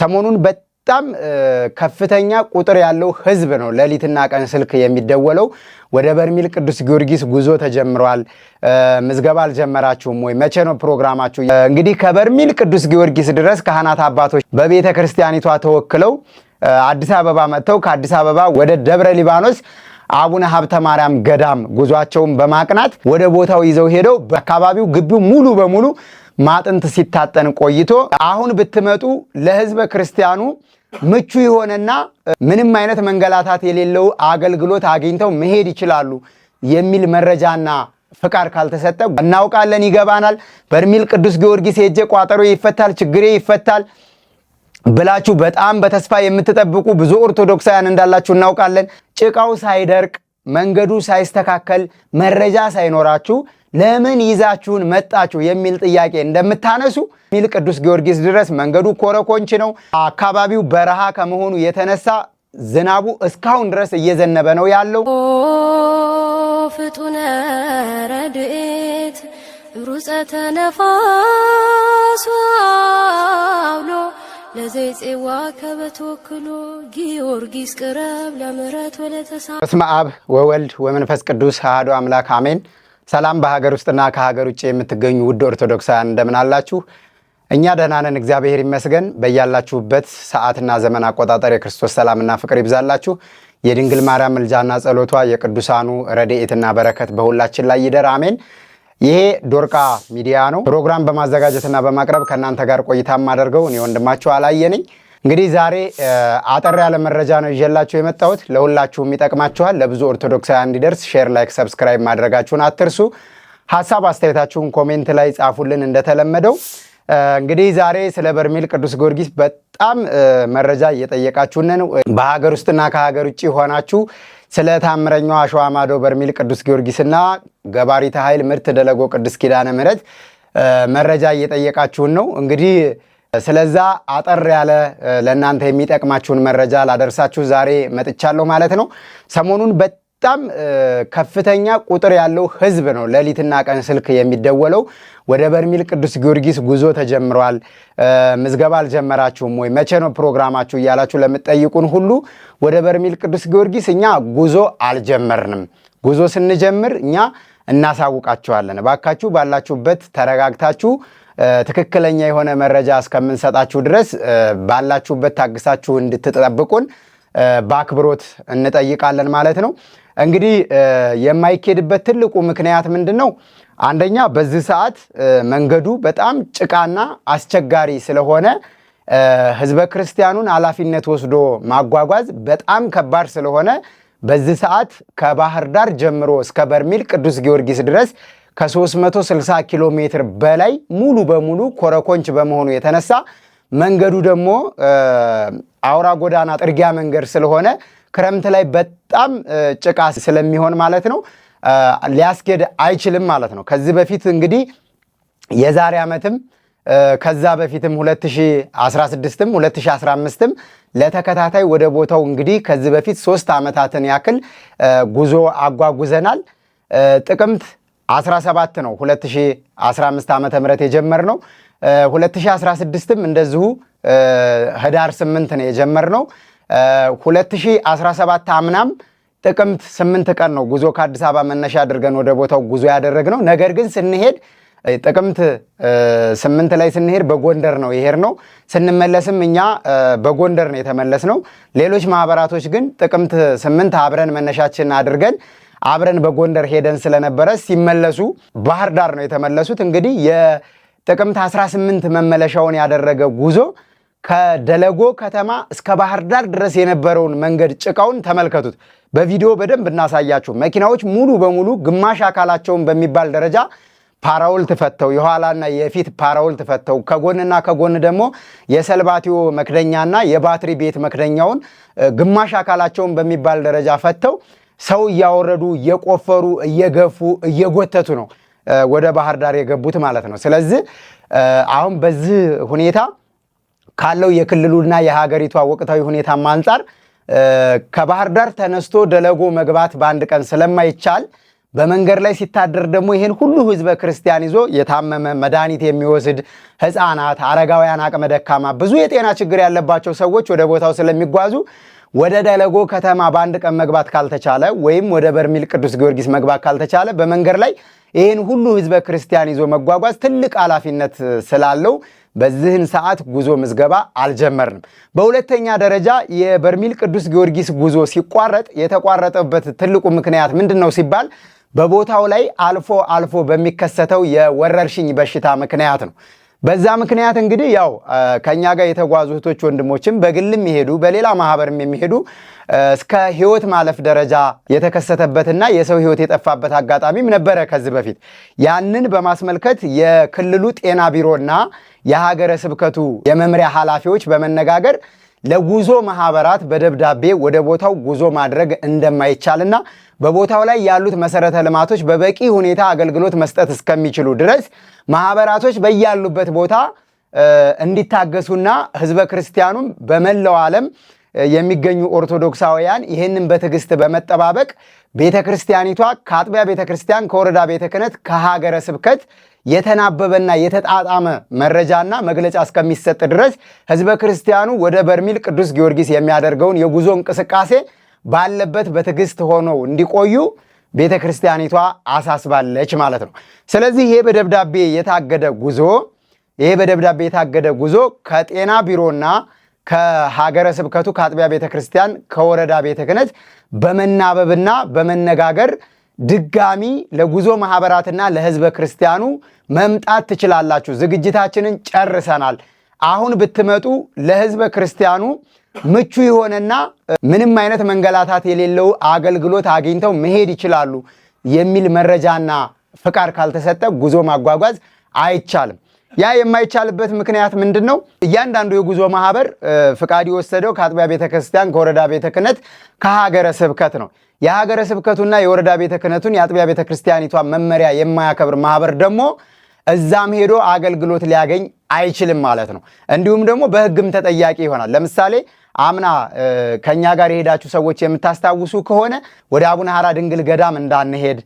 ሰሞኑን በጣም ከፍተኛ ቁጥር ያለው ህዝብ ነው ሌሊትና ቀን ስልክ የሚደወለው። ወደ በርሜል ቅዱስ ጊዮርጊስ ጉዞ ተጀምሯል፣ ምዝገባ አልጀመራችሁም ወይ? መቼ ነው ፕሮግራማችሁ? እንግዲህ ከበርሜል ቅዱስ ጊዮርጊስ ድረስ ካህናት አባቶች በቤተ ክርስቲያኒቷ ተወክለው አዲስ አበባ መጥተው ከአዲስ አበባ ወደ ደብረ ሊባኖስ አቡነ ሀብተ ማርያም ገዳም ጉዟቸውን በማቅናት ወደ ቦታው ይዘው ሄደው በአካባቢው ግቢው ሙሉ በሙሉ ማጥንት ሲታጠን ቆይቶ አሁን ብትመጡ ለህዝበ ክርስቲያኑ ምቹ የሆነና ምንም አይነት መንገላታት የሌለው አገልግሎት አግኝተው መሄድ ይችላሉ የሚል መረጃና ፍቃድ ካልተሰጠ እናውቃለን፣ ይገባናል። በርሜል ቅዱስ ጊዮርጊስ ሄጄ ቋጠሮ ይፈታል፣ ችግሬ ይፈታል ብላችሁ በጣም በተስፋ የምትጠብቁ ብዙ ኦርቶዶክሳውያን እንዳላችሁ እናውቃለን። ጭቃው ሳይደርቅ መንገዱ ሳይስተካከል መረጃ ሳይኖራችሁ ለምን ይዛችሁን መጣችሁ የሚል ጥያቄ እንደምታነሱ ሚል ቅዱስ ጊዮርጊስ ድረስ መንገዱ ኮረኮንች ነው። አካባቢው በረሃ ከመሆኑ የተነሳ ዝናቡ እስካሁን ድረስ እየዘነበ ነው ያለው። ፍጡነ ረድኤት ሩፀተ ነፋስ አውሎ ለዘይፄዋ ከበተወክሎ ጊዮርጊስ ቅረብ ለምረት ወለተሳ በስመ አብ ወወልድ ወመንፈስ ቅዱስ አሐዱ አምላክ አሜን። ሰላም በሀገር ውስጥና ከሀገር ውጭ የምትገኙ ውድ ኦርቶዶክሳውያን እንደምን አላችሁ? እኛ ደህና ነን፣ እግዚአብሔር ይመስገን። በያላችሁበት ሰዓትና ዘመን አቆጣጠር የክርስቶስ ሰላምና ፍቅር ይብዛላችሁ። የድንግል ማርያም ምልጃና ጸሎቷ የቅዱሳኑ ረድኤትና በረከት በሁላችን ላይ ይደር፣ አሜን። ይሄ ዶርቃ ሚዲያ ነው። ፕሮግራም በማዘጋጀትና በማቅረብ ከእናንተ ጋር ቆይታ የማደርገው እኔ ወንድማችሁ አላየ ነኝ። እንግዲህ ዛሬ አጠር ያለ መረጃ ነው ይዤላችሁ የመጣሁት። ለሁላችሁም ይጠቅማችኋል። ለብዙ ኦርቶዶክሳውያን እንዲደርስ ሼር፣ ላይክ፣ ሰብስክራይብ ማድረጋችሁን አትርሱ። ሀሳብ አስተያየታችሁን ኮሜንት ላይ ጻፉልን። እንደተለመደው እንግዲህ ዛሬ ስለ በርሜል ቅዱስ ጊዮርጊስ በጣም መረጃ እየጠየቃችሁን ነው። በሀገር ውስጥና ከሀገር ውጭ ሆናችሁ ስለ ታምረኛው አሸዋ ማዶ በርሜል ቅዱስ ጊዮርጊስና ገባሪተ ኃይል ምርት ደለጎ ቅዱስ ኪዳነ ምሕረት መረጃ እየጠየቃችሁን ነው እንግዲህ ስለዛ አጠር ያለ ለእናንተ የሚጠቅማችሁን መረጃ ላደርሳችሁ ዛሬ መጥቻለሁ ማለት ነው። ሰሞኑን በጣም ከፍተኛ ቁጥር ያለው ህዝብ ነው ሌሊትና ቀን ስልክ የሚደወለው። ወደ በርሜል ቅዱስ ጊዮርጊስ ጉዞ ተጀምሯል፣ ምዝገባ አልጀመራችሁም ወይ? መቼ ነው ፕሮግራማችሁ? እያላችሁ ለምጠይቁን ሁሉ ወደ በርሜል ቅዱስ ጊዮርጊስ እኛ ጉዞ አልጀመርንም። ጉዞ ስንጀምር እኛ እናሳውቃችኋለን። እባካችሁ ባላችሁበት ተረጋግታችሁ ትክክለኛ የሆነ መረጃ እስከምንሰጣችሁ ድረስ ባላችሁበት ታግሳችሁ እንድትጠብቁን በአክብሮት እንጠይቃለን ማለት ነው። እንግዲህ የማይኬድበት ትልቁ ምክንያት ምንድን ነው? አንደኛ በዚህ ሰዓት መንገዱ በጣም ጭቃና አስቸጋሪ ስለሆነ ህዝበ ክርስቲያኑን ኃላፊነት ወስዶ ማጓጓዝ በጣም ከባድ ስለሆነ በዚህ ሰዓት ከባህር ዳር ጀምሮ እስከ በርሜል ቅዱስ ጊዮርጊስ ድረስ ከ360 ኪሎ ሜትር በላይ ሙሉ በሙሉ ኮረኮንች በመሆኑ የተነሳ መንገዱ ደግሞ አውራ ጎዳና ጥርጊያ መንገድ ስለሆነ ክረምት ላይ በጣም ጭቃ ስለሚሆን ማለት ነው ሊያስኬድ አይችልም ማለት ነው። ከዚህ በፊት እንግዲህ የዛሬ ዓመትም ከዛ በፊትም 2016ም 2015ም ለተከታታይ ወደ ቦታው እንግዲህ ከዚህ በፊት ሶስት ዓመታትን ያክል ጉዞ አጓጉዘናል። ጥቅምት 17 ነው 2015 ዓ ም የጀመርነው 2016ም እንደዚሁ ህዳር 8 ነው የጀመርነው 2017 አምናም ጥቅምት 8 ቀን ነው ጉዞ ከአዲስ አበባ መነሻ አድርገን ወደ ቦታው ጉዞ ያደረግነው ነገር ግን ስንሄድ ጥቅምት ስምንት ላይ ስንሄድ በጎንደር ነው ይሄድ ነው። ስንመለስም እኛ በጎንደር ነው የተመለስ ነው። ሌሎች ማህበራቶች ግን ጥቅምት ስምንት አብረን መነሻችን አድርገን አብረን በጎንደር ሄደን ስለነበረ ሲመለሱ ባህር ዳር ነው የተመለሱት። እንግዲህ የጥቅምት 18 መመለሻውን ያደረገ ጉዞ ከደለጎ ከተማ እስከ ባህር ዳር ድረስ የነበረውን መንገድ ጭቃውን ተመልከቱት። በቪዲዮ በደንብ እናሳያችሁ። መኪናዎች ሙሉ በሙሉ ግማሽ አካላቸውን በሚባል ደረጃ ፓራውልት ፈተው የኋላና የፊት ፓራውልት ፈተው ከጎንና ከጎን ደግሞ የሰልባቲዮ መክደኛና የባትሪ ቤት መክደኛውን ግማሽ አካላቸውን በሚባል ደረጃ ፈተው ሰው እያወረዱ እየቆፈሩ እየገፉ እየጎተቱ ነው ወደ ባህር ዳር የገቡት ማለት ነው። ስለዚህ አሁን በዚህ ሁኔታ ካለው የክልሉና የሀገሪቷ ወቅታዊ ሁኔታም አንጻር ከባህር ዳር ተነስቶ ደለጎ መግባት በአንድ ቀን ስለማይቻል በመንገድ ላይ ሲታደር ደግሞ ይህን ሁሉ ህዝበ ክርስቲያን ይዞ የታመመ መድኃኒት የሚወስድ ህፃናት፣ አረጋውያን፣ አቅመ ደካማ ብዙ የጤና ችግር ያለባቸው ሰዎች ወደ ቦታው ስለሚጓዙ ወደ ደለጎ ከተማ በአንድ ቀን መግባት ካልተቻለ ወይም ወደ በርሜል ቅዱስ ጊዮርጊስ መግባት ካልተቻለ በመንገድ ላይ ይህን ሁሉ ህዝበ ክርስቲያን ይዞ መጓጓዝ ትልቅ ኃላፊነት ስላለው በዚህን ሰዓት ጉዞ ምዝገባ አልጀመርንም። በሁለተኛ ደረጃ የበርሜል ቅዱስ ጊዮርጊስ ጉዞ ሲቋረጥ የተቋረጠበት ትልቁ ምክንያት ምንድን ነው ሲባል በቦታው ላይ አልፎ አልፎ በሚከሰተው የወረርሽኝ በሽታ ምክንያት ነው። በዛ ምክንያት እንግዲህ ያው ከኛ ጋር የተጓዙ እህቶች ወንድሞችም በግልም የሚሄዱ በሌላ ማህበርም የሚሄዱ እስከ ህይወት ማለፍ ደረጃ የተከሰተበትና የሰው ህይወት የጠፋበት አጋጣሚም ነበረ ከዚህ በፊት። ያንን በማስመልከት የክልሉ ጤና ቢሮና የሀገረ ስብከቱ የመምሪያ ኃላፊዎች በመነጋገር ለጉዞ ማህበራት በደብዳቤ ወደ ቦታው ጉዞ ማድረግ እንደማይቻልና በቦታው ላይ ያሉት መሰረተ ልማቶች በበቂ ሁኔታ አገልግሎት መስጠት እስከሚችሉ ድረስ ማህበራቶች በያሉበት ቦታ እንዲታገሱና ህዝበ ክርስቲያኑም በመላው ዓለም የሚገኙ ኦርቶዶክሳውያን ይህንን በትዕግስት በመጠባበቅ ቤተ ክርስቲያኒቷ ከአጥቢያ ቤተ ክርስቲያን፣ ከወረዳ ቤተ ክህነት፣ ከሀገረ ስብከት የተናበበና የተጣጣመ መረጃና መግለጫ እስከሚሰጥ ድረስ ህዝበ ክርስቲያኑ ወደ በርሚል ቅዱስ ጊዮርጊስ የሚያደርገውን የጉዞ እንቅስቃሴ ባለበት በትዕግስት ሆነው እንዲቆዩ ቤተ ክርስቲያኒቷ አሳስባለች ማለት ነው። ስለዚህ ይሄ በደብዳቤ የታገደ ጉዞ ይሄ በደብዳቤ የታገደ ጉዞ ከጤና ቢሮና ከሀገረ ስብከቱ ከአጥቢያ ቤተ ክርስቲያን ከወረዳ ቤተ ክህነት በመናበብና በመነጋገር ድጋሚ ለጉዞ ማህበራትና ለህዝበ ክርስቲያኑ መምጣት ትችላላችሁ። ዝግጅታችንን ጨርሰናል። አሁን ብትመጡ ለህዝበ ክርስቲያኑ ምቹ የሆነና ምንም አይነት መንገላታት የሌለው አገልግሎት አግኝተው መሄድ ይችላሉ የሚል መረጃና ፍቃድ ካልተሰጠ ጉዞ ማጓጓዝ አይቻልም። ያ የማይቻልበት ምክንያት ምንድን ነው? እያንዳንዱ የጉዞ ማህበር ፍቃድ የወሰደው ከአጥቢያ ቤተ ክርስቲያን፣ ከወረዳ ቤተ ክህነት፣ ከሀገረ ስብከት ነው። የሀገረ ስብከቱና የወረዳ ቤተ ክህነቱን የአጥቢያ ቤተ ክርስቲያኒቷን መመሪያ የማያከብር ማህበር ደግሞ እዛም ሄዶ አገልግሎት ሊያገኝ አይችልም ማለት ነው። እንዲሁም ደግሞ በህግም ተጠያቂ ይሆናል። ለምሳሌ አምና ከእኛ ጋር የሄዳችሁ ሰዎች የምታስታውሱ ከሆነ ወደ አቡነ ሐራ ድንግል ገዳም እንዳንሄድ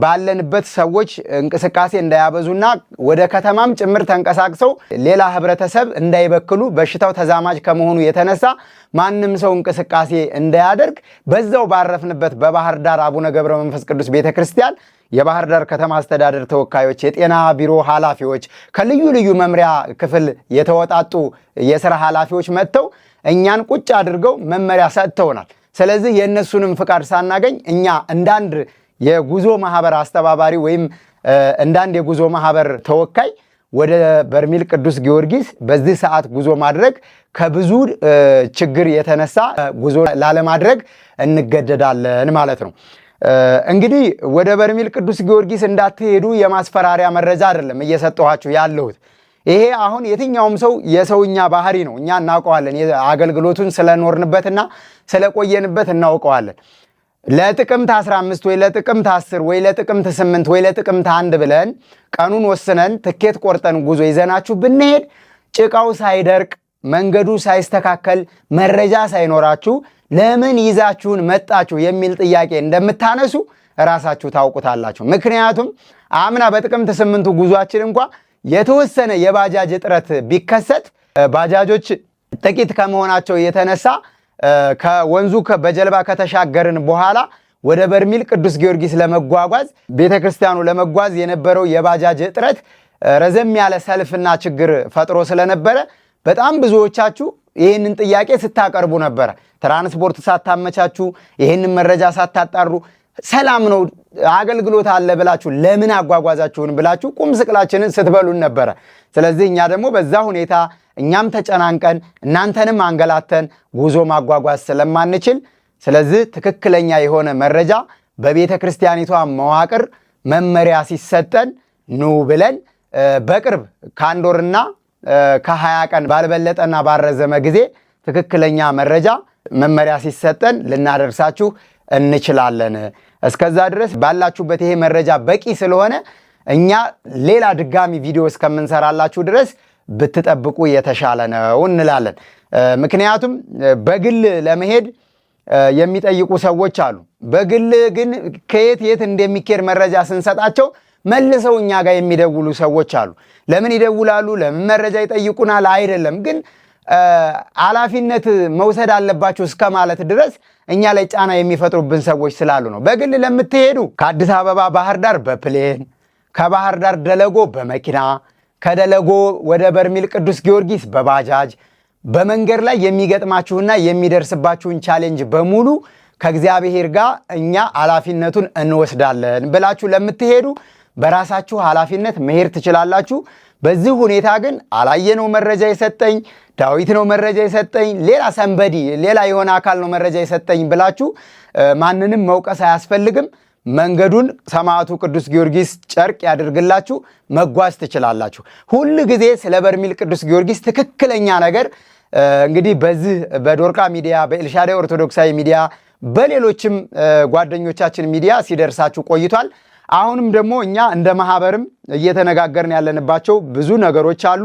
ባለንበት ሰዎች እንቅስቃሴ እንዳያበዙና ወደ ከተማም ጭምር ተንቀሳቅሰው ሌላ ህብረተሰብ እንዳይበክሉ በሽታው ተዛማጅ ከመሆኑ የተነሳ ማንም ሰው እንቅስቃሴ እንዳያደርግ በዛው ባረፍንበት በባህር ዳር አቡነ ገብረ መንፈስ ቅዱስ ቤተ ክርስቲያን የባህር ዳር ከተማ አስተዳደር ተወካዮች፣ የጤና ቢሮ ኃላፊዎች፣ ከልዩ ልዩ መምሪያ ክፍል የተወጣጡ የስራ ኃላፊዎች መጥተው እኛን ቁጭ አድርገው መመሪያ ሰጥተውናል። ስለዚህ የእነሱንም ፍቃድ ሳናገኝ እኛ እንዳንድ የጉዞ ማህበር አስተባባሪ ወይም እንዳንድ የጉዞ ማህበር ተወካይ ወደ በርሜል ቅዱስ ጊዮርጊስ በዚህ ሰዓት ጉዞ ማድረግ ከብዙ ችግር የተነሳ ጉዞ ላለማድረግ እንገደዳለን ማለት ነው። እንግዲህ ወደ በርሜል ቅዱስ ጊዮርጊስ እንዳትሄዱ የማስፈራሪያ መረጃ አይደለም እየሰጠኋችሁ ያለሁት። ይሄ አሁን የትኛውም ሰው የሰውኛ ባህሪ ነው። እኛ እናውቀዋለን፣ አገልግሎቱን ስለኖርንበትና ስለቆየንበት እናውቀዋለን። ለጥቅምት 15 ወይ ለጥቅምት 10 ወይ ለጥቅምት 8 ወይ ለጥቅምት አንድ ብለን ቀኑን ወስነን ትኬት ቆርጠን ጉዞ ይዘናችሁ ብንሄድ ጭቃው ሳይደርቅ መንገዱ ሳይስተካከል መረጃ ሳይኖራችሁ ለምን ይዛችሁን መጣችሁ የሚል ጥያቄ እንደምታነሱ ራሳችሁ ታውቁታላችሁ። ምክንያቱም አምና በጥቅምት ስምንቱ ጉዟችን እንኳ የተወሰነ የባጃጅ እጥረት ቢከሰት ባጃጆች ጥቂት ከመሆናቸው የተነሳ ከወንዙ በጀልባ ከተሻገርን በኋላ ወደ በርሚል ቅዱስ ጊዮርጊስ ለመጓጓዝ ቤተ ክርስቲያኑ ለመጓዝ የነበረው የባጃጅ እጥረት ረዘም ያለ ሰልፍና ችግር ፈጥሮ ስለነበረ በጣም ብዙዎቻችሁ ይህንን ጥያቄ ስታቀርቡ ነበረ። ትራንስፖርት ሳታመቻቹ፣ ይህንን መረጃ ሳታጣሩ ሰላም ነው አገልግሎት አለ ብላችሁ ለምን አጓጓዛችሁን ብላችሁ ቁም ስቅላችንን ስትበሉን ነበረ። ስለዚህ እኛ ደግሞ በዛ ሁኔታ እኛም ተጨናንቀን እናንተንም አንገላተን ጉዞ ማጓጓዝ ስለማንችል፣ ስለዚህ ትክክለኛ የሆነ መረጃ በቤተ ክርስቲያኒቷ መዋቅር መመሪያ ሲሰጠን ኑ ብለን በቅርብ ከአንድ ወርና ከሀያ ቀን ባልበለጠና ባረዘመ ጊዜ ትክክለኛ መረጃ መመሪያ ሲሰጠን ልናደርሳችሁ እንችላለን። እስከዛ ድረስ ባላችሁበት ይሄ መረጃ በቂ ስለሆነ እኛ ሌላ ድጋሚ ቪዲዮ እስከምንሰራላችሁ ድረስ ብትጠብቁ የተሻለ ነው እንላለን። ምክንያቱም በግል ለመሄድ የሚጠይቁ ሰዎች አሉ። በግል ግን ከየት የት እንደሚኬድ መረጃ ስንሰጣቸው መልሰው እኛ ጋር የሚደውሉ ሰዎች አሉ። ለምን ይደውላሉ? ለምን መረጃ ይጠይቁናል? አይደለም ግን ኃላፊነት መውሰድ አለባቸው እስከ ማለት ድረስ እኛ ላይ ጫና የሚፈጥሩብን ሰዎች ስላሉ ነው። በግል ለምትሄዱ ከአዲስ አበባ ባህር ዳር በፕሌን ከባህር ዳር ደለጎ በመኪና ከደለጎ ወደ በርሜል ቅዱስ ጊዮርጊስ በባጃጅ በመንገድ ላይ የሚገጥማችሁና የሚደርስባችሁን ቻሌንጅ በሙሉ ከእግዚአብሔር ጋር እኛ ኃላፊነቱን እንወስዳለን ብላችሁ ለምትሄዱ በራሳችሁ ኃላፊነት መሄድ ትችላላችሁ። በዚህ ሁኔታ ግን አላየ ነው መረጃ የሰጠኝ ዳዊት ነው መረጃ የሰጠኝ ሌላ ሰንበዲ ሌላ የሆነ አካል ነው መረጃ የሰጠኝ ብላችሁ ማንንም መውቀስ አያስፈልግም። መንገዱን ሰማዕቱ ቅዱስ ጊዮርጊስ ጨርቅ ያደርግላችሁ፣ መጓዝ ትችላላችሁ። ሁል ጊዜ ስለ በርሚል ቅዱስ ጊዮርጊስ ትክክለኛ ነገር እንግዲህ በዚህ በዶርቃ ሚዲያ፣ በኤልሻዳይ ኦርቶዶክሳዊ ሚዲያ፣ በሌሎችም ጓደኞቻችን ሚዲያ ሲደርሳችሁ ቆይቷል። አሁንም ደግሞ እኛ እንደ ማህበርም እየተነጋገርን ያለንባቸው ብዙ ነገሮች አሉ።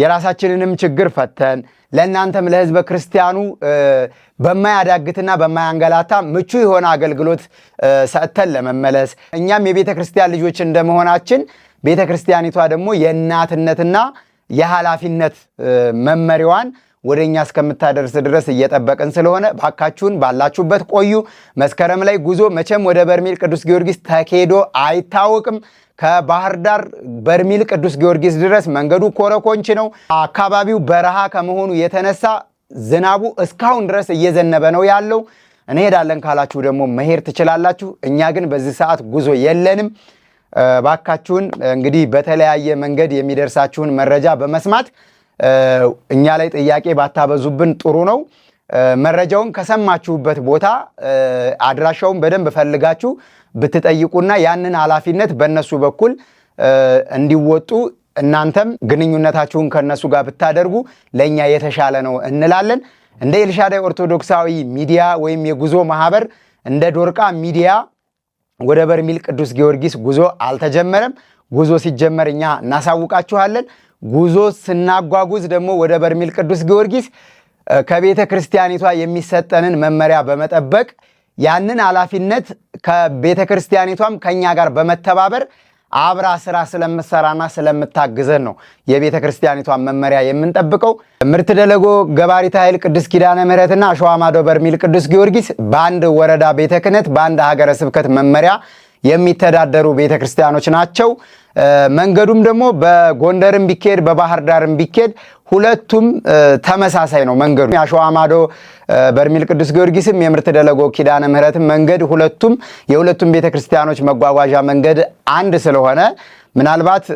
የራሳችንንም ችግር ፈተን ለእናንተም ለህዝበ ክርስቲያኑ በማያዳግትና በማያንገላታ ምቹ የሆነ አገልግሎት ሰጥተን ለመመለስ እኛም የቤተ ክርስቲያን ልጆች እንደመሆናችን ቤተ ክርስቲያኒቷ ደግሞ የእናትነትና የኃላፊነት መመሪያዋን ወደ እኛ እስከምታደርስ ድረስ እየጠበቅን ስለሆነ ባካችሁን ባላችሁበት ቆዩ። መስከረም ላይ ጉዞ መቼም ወደ በርሜል ቅዱስ ጊዮርጊስ ተኬዶ አይታወቅም። ከባህር ዳር በርሚል ቅዱስ ጊዮርጊስ ድረስ መንገዱ ኮረኮንች ነው። አካባቢው በረሃ ከመሆኑ የተነሳ ዝናቡ እስካሁን ድረስ እየዘነበ ነው ያለው። እንሄዳለን ካላችሁ ደግሞ መሄድ ትችላላችሁ። እኛ ግን በዚህ ሰዓት ጉዞ የለንም። ባካችሁን እንግዲህ በተለያየ መንገድ የሚደርሳችሁን መረጃ በመስማት እኛ ላይ ጥያቄ ባታበዙብን ጥሩ ነው። መረጃውን ከሰማችሁበት ቦታ አድራሻውን በደንብ ፈልጋችሁ ብትጠይቁና ያንን ኃላፊነት በእነሱ በኩል እንዲወጡ እናንተም ግንኙነታችሁን ከእነሱ ጋር ብታደርጉ ለእኛ የተሻለ ነው እንላለን። እንደ ኤልሻዳይ ኦርቶዶክሳዊ ሚዲያ ወይም የጉዞ ማህበር እንደ ዶርቃ ሚዲያ ወደ በርሜል ቅዱስ ጊዮርጊስ ጉዞ አልተጀመረም። ጉዞ ሲጀመር እኛ እናሳውቃችኋለን። ጉዞ ስናጓጉዝ ደግሞ ወደ በርሜል ቅዱስ ጊዮርጊስ ከቤተ ክርስቲያኒቷ የሚሰጠንን መመሪያ በመጠበቅ ያንን ኃላፊነት ከቤተ ክርስቲያኒቷም ከእኛ ጋር በመተባበር አብራ ስራ ስለምትሰራና ስለምታግዘን ነው የቤተ ክርስቲያኒቷን መመሪያ የምንጠብቀው። ምርት ደለጎ ገባሪት ኃይል ቅዱስ ኪዳነ ምሕረትና ማዶ በርሜል ቅዱስ ጊዮርጊስ በአንድ ወረዳ ቤተ ክህነት በአንድ ሀገረ ስብከት መመሪያ የሚተዳደሩ ቤተ ክርስቲያኖች ናቸው። መንገዱም ደግሞ በጎንደርም ቢኬድ በባህር ዳርም ቢኬድ ሁለቱም ተመሳሳይ ነው መንገዱ። የአሸዋ ማዶ በርሜል ቅዱስ ጊዮርጊስም የምርት ደለጎ ኪዳነ ምሕረትም መንገድ ሁለቱም የሁለቱም ቤተ ክርስቲያኖች መጓጓዣ መንገድ አንድ ስለሆነ ምናልባት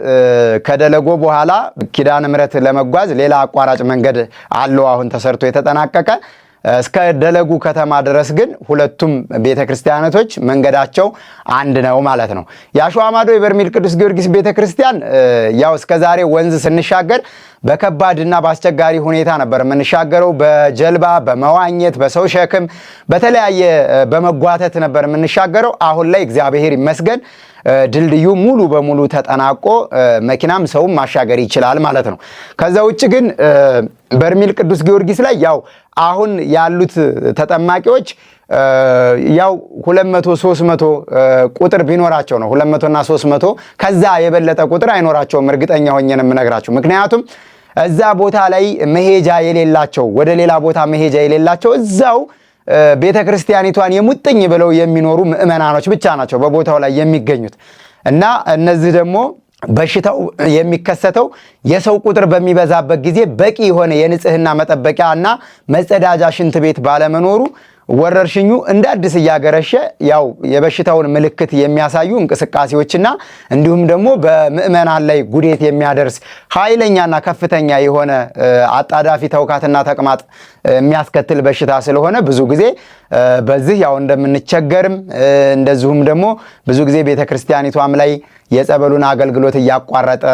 ከደለጎ በኋላ ኪዳነ ምሕረት ለመጓዝ ሌላ አቋራጭ መንገድ አለው አሁን ተሰርቶ የተጠናቀቀ። እስከ ደለጉ ከተማ ድረስ ግን ሁለቱም ቤተ ክርስቲያናቶች መንገዳቸው አንድ ነው ማለት ነው። የአሸዋ ማዶ የበርሜል ቅዱስ ጊዮርጊስ ቤተ ክርስቲያን ያው እስከዛሬ ወንዝ ስንሻገር በከባድና በአስቸጋሪ ሁኔታ ነበር የምንሻገረው። በጀልባ በመዋኘት በሰው ሸክም በተለያየ በመጓተት ነበር የምንሻገረው። አሁን ላይ እግዚአብሔር ይመስገን ድልድዩ ሙሉ በሙሉ ተጠናቆ መኪናም ሰውም ማሻገር ይችላል ማለት ነው። ከዛ ውጭ ግን በርሜል ቅዱስ ጊዮርጊስ ላይ ያው አሁን ያሉት ተጠማቂዎች ያው ሁለት መቶ ሶስት መቶ ቁጥር ቢኖራቸው ነው። ሁለት መቶና ሶስት መቶ ከዛ የበለጠ ቁጥር አይኖራቸውም። እርግጠኛ ሆኜ ነው የምነግራቸው ምክንያቱም እዛ ቦታ ላይ መሄጃ የሌላቸው ወደ ሌላ ቦታ መሄጃ የሌላቸው እዛው ቤተ ክርስቲያኒቷን የሙጥኝ ብለው የሚኖሩ ምእመናኖች ብቻ ናቸው በቦታው ላይ የሚገኙት እና እነዚህ ደግሞ በሽታው የሚከሰተው የሰው ቁጥር በሚበዛበት ጊዜ በቂ የሆነ የንጽህና መጠበቂያ እና መጸዳጃ ሽንት ቤት ባለመኖሩ ወረርሽኙ እንደ አዲስ እያገረሸ ያው የበሽታውን ምልክት የሚያሳዩ እንቅስቃሴዎችና እንዲሁም ደግሞ በምዕመናን ላይ ጉዴት የሚያደርስ ኃይለኛና ከፍተኛ የሆነ አጣዳፊ ተውካትና ተቅማጥ የሚያስከትል በሽታ ስለሆነ ብዙ ጊዜ በዚህ ያው እንደምንቸገርም እንደዚሁም ደግሞ ብዙ ጊዜ ቤተ ክርስቲያኒቷም ላይ የጸበሉን አገልግሎት እያቋረጠ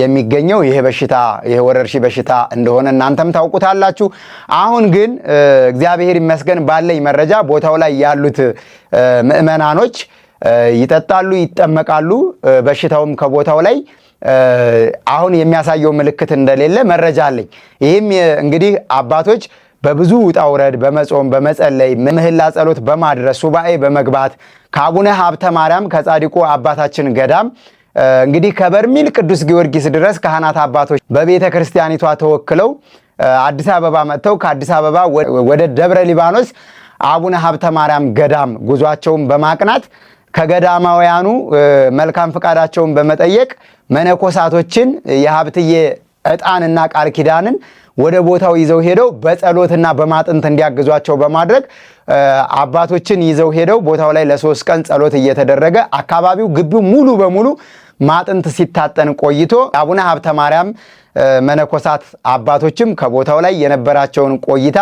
የሚገኘው ይሄ በሽታ ይሄ ወረርሽኝ በሽታ እንደሆነ እናንተም ታውቁታላችሁ። አሁን ግን እግዚአብሔር ይመስገን ባለኝ መረጃ ቦታው ላይ ያሉት ምዕመናኖች ይጠጣሉ፣ ይጠመቃሉ። በሽታውም ከቦታው ላይ አሁን የሚያሳየው ምልክት እንደሌለ መረጃ አለኝ። ይህም እንግዲህ አባቶች በብዙ ውጣ ውረድ በመጾም በመጸለይ ምህላ ጸሎት በማድረስ ሱባኤ በመግባት ከአቡነ ሀብተ ማርያም ከጻድቁ አባታችን ገዳም እንግዲህ ከበርሚል ቅዱስ ጊዮርጊስ ድረስ ካህናት አባቶች በቤተ ክርስቲያኒቷ ተወክለው አዲስ አበባ መጥተው ከአዲስ አበባ ወደ ደብረ ሊባኖስ አቡነ ሀብተ ማርያም ገዳም ጉዟቸውን በማቅናት ከገዳማውያኑ መልካም ፈቃዳቸውን በመጠየቅ መነኮሳቶችን የሀብትዬ ዕጣንና ቃል ኪዳንን ወደ ቦታው ይዘው ሄደው በጸሎትና በማጥንት እንዲያግዟቸው በማድረግ አባቶችን ይዘው ሄደው ቦታው ላይ ለሶስት ቀን ጸሎት እየተደረገ አካባቢው ግቢው ሙሉ በሙሉ ማጥንት ሲታጠን ቆይቶ አቡነ ሀብተ ማርያም መነኮሳት አባቶችም ከቦታው ላይ የነበራቸውን ቆይታ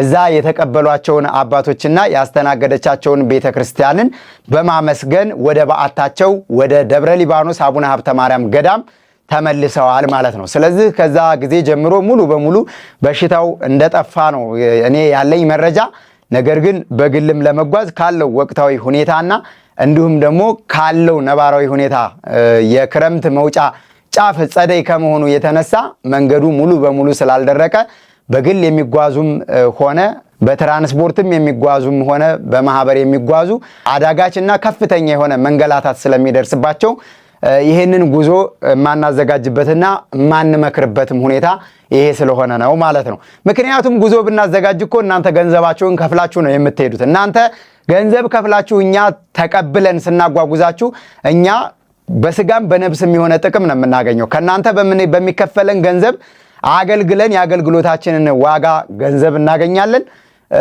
እዛ የተቀበሏቸውን አባቶችና ያስተናገደቻቸውን ቤተ ክርስቲያንን በማመስገን ወደ በዓታቸው ወደ ደብረ ሊባኖስ አቡነ ሀብተ ማርያም ገዳም ተመልሰዋል ማለት ነው። ስለዚህ ከዛ ጊዜ ጀምሮ ሙሉ በሙሉ በሽታው እንደጠፋ ነው እኔ ያለኝ መረጃ። ነገር ግን በግልም ለመጓዝ ካለው ወቅታዊ ሁኔታና እንዲሁም ደግሞ ካለው ነባራዊ ሁኔታ የክረምት መውጫ ጫፍ ጸደይ ከመሆኑ የተነሳ መንገዱ ሙሉ በሙሉ ስላልደረቀ በግል የሚጓዙም ሆነ በትራንስፖርትም የሚጓዙም ሆነ በማህበር የሚጓዙ አዳጋች እና ከፍተኛ የሆነ መንገላታት ስለሚደርስባቸው ይህንን ጉዞ የማናዘጋጅበትና የማንመክርበትም ሁኔታ ይሄ ስለሆነ ነው ማለት ነው። ምክንያቱም ጉዞ ብናዘጋጅ እኮ እናንተ ገንዘባችሁን ከፍላችሁ ነው የምትሄዱት። እናንተ ገንዘብ ከፍላችሁ እኛ ተቀብለን ስናጓጉዛችሁ እኛ በስጋም በነብስም የሆነ ጥቅም ነው የምናገኘው ከእናንተ በሚከፈለን ገንዘብ አገልግለን የአገልግሎታችንን ዋጋ ገንዘብ እናገኛለን።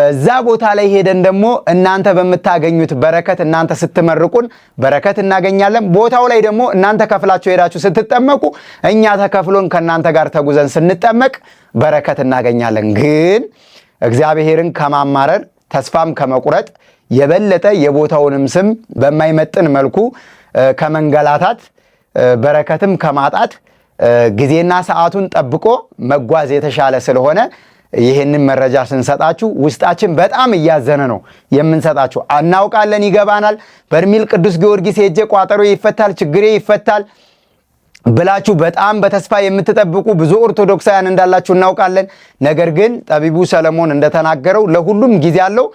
እዛ ቦታ ላይ ሄደን ደግሞ እናንተ በምታገኙት በረከት እናንተ ስትመርቁን በረከት እናገኛለን። ቦታው ላይ ደግሞ እናንተ ከፍላችሁ ሄዳችሁ ስትጠመቁ እኛ ተከፍሎን ከእናንተ ጋር ተጉዘን ስንጠመቅ በረከት እናገኛለን። ግን እግዚአብሔርን ከማማረር ተስፋም ከመቁረጥ የበለጠ የቦታውንም ስም በማይመጥን መልኩ ከመንገላታት በረከትም ከማጣት ጊዜና ሰዓቱን ጠብቆ መጓዝ የተሻለ ስለሆነ ይህንን መረጃ ስንሰጣችሁ ውስጣችን በጣም እያዘነ ነው የምንሰጣችሁ። አናውቃለን፣ ይገባናል። በርሜል ቅዱስ ጊዮርጊስ ሄጄ ቋጠሮ ይፈታል፣ ችግሬ ይፈታል ብላችሁ በጣም በተስፋ የምትጠብቁ ብዙ ኦርቶዶክሳውያን እንዳላችሁ እናውቃለን። ነገር ግን ጠቢቡ ሰለሞን እንደተናገረው ለሁሉም ጊዜ አለው።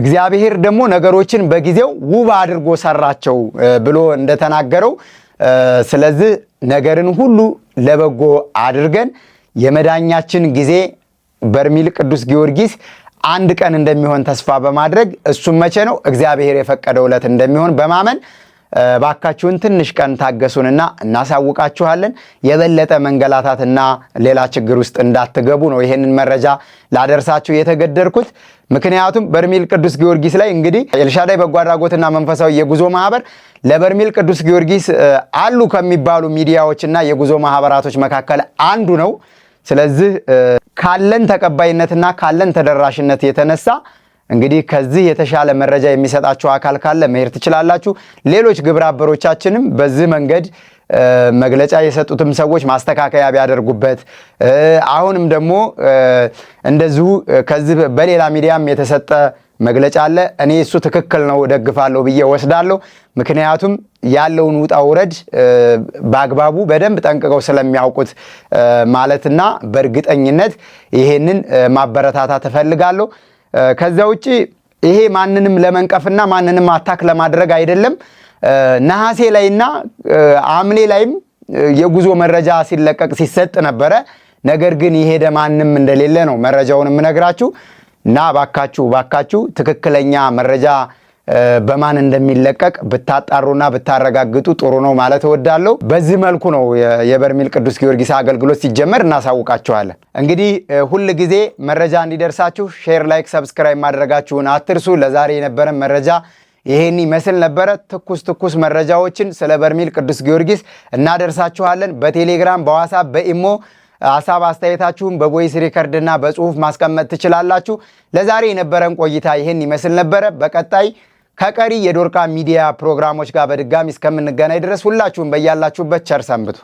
እግዚአብሔር ደግሞ ነገሮችን በጊዜው ውብ አድርጎ ሰራቸው ብሎ እንደተናገረው፣ ስለዚህ ነገርን ሁሉ ለበጎ አድርገን የመዳኛችን ጊዜ በርሚል ቅዱስ ጊዮርጊስ አንድ ቀን እንደሚሆን ተስፋ በማድረግ እሱም መቼ ነው እግዚአብሔር የፈቀደው ዕለት እንደሚሆን በማመን ባካችሁን ትንሽ ቀን ታገሱንና እናሳውቃችኋለን። የበለጠ መንገላታትና ሌላ ችግር ውስጥ እንዳትገቡ ነው ይሄንን መረጃ ላደርሳችሁ የተገደድኩት። ምክንያቱም በርሜል ቅዱስ ጊዮርጊስ ላይ እንግዲህ ኤልሻዳይ በጎ አድራጎትና መንፈሳዊ የጉዞ ማህበር ለበርሜል ቅዱስ ጊዮርጊስ አሉ ከሚባሉ ሚዲያዎችና የጉዞ ማህበራቶች መካከል አንዱ ነው። ስለዚህ ካለን ተቀባይነትና ካለን ተደራሽነት የተነሳ እንግዲህ ከዚህ የተሻለ መረጃ የሚሰጣችሁ አካል ካለ መሄድ ትችላላችሁ። ሌሎች ግብረ አበሮቻችንም በዚህ መንገድ መግለጫ የሰጡትም ሰዎች ማስተካከያ ቢያደርጉበት፣ አሁንም ደግሞ እንደዚሁ ከዚህ በሌላ ሚዲያም የተሰጠ መግለጫ አለ። እኔ እሱ ትክክል ነው ደግፋለሁ ብዬ ወስዳለሁ። ምክንያቱም ያለውን ውጣ ውረድ በአግባቡ በደንብ ጠንቅቀው ስለሚያውቁት ማለትና በእርግጠኝነት ይሄንን ማበረታታት እፈልጋለሁ። ከዚያ ውጭ ይሄ ማንንም ለመንቀፍና ማንንም አታክ ለማድረግ አይደለም። ነሐሴ ላይና ሐምሌ ላይም የጉዞ መረጃ ሲለቀቅ ሲሰጥ ነበረ። ነገር ግን የሄደ ማንም እንደሌለ ነው መረጃውን የምነግራችሁ። እና ባካችሁ ባካችሁ ትክክለኛ መረጃ በማን እንደሚለቀቅ ብታጣሩና ብታረጋግጡ ጥሩ ነው ማለት እወዳለሁ። በዚህ መልኩ ነው የበርሜል ቅዱስ ጊዮርጊስ አገልግሎት ሲጀመር እናሳውቃችኋለን። እንግዲህ ሁል ጊዜ መረጃ እንዲደርሳችሁ ሼር፣ ላይክ፣ ሰብስክራይብ ማድረጋችሁን አትርሱ። ለዛሬ የነበረን መረጃ ይሄን ይመስል ነበረ። ትኩስ ትኩስ መረጃዎችን ስለ በርሜል ቅዱስ ጊዮርጊስ እናደርሳችኋለን በቴሌግራም በዋትስአፕ በኢሞ ሀሳብ አስተያየታችሁን በቮይስ ሪከርድና በጽሁፍ ማስቀመጥ ትችላላችሁ። ለዛሬ የነበረን ቆይታ ይህን ይመስል ነበረ። በቀጣይ ከቀሪ የዶርቃ ሚዲያ ፕሮግራሞች ጋር በድጋሚ እስከምንገናኝ ድረስ ሁላችሁም በያላችሁበት ቸር ሰንብቱ።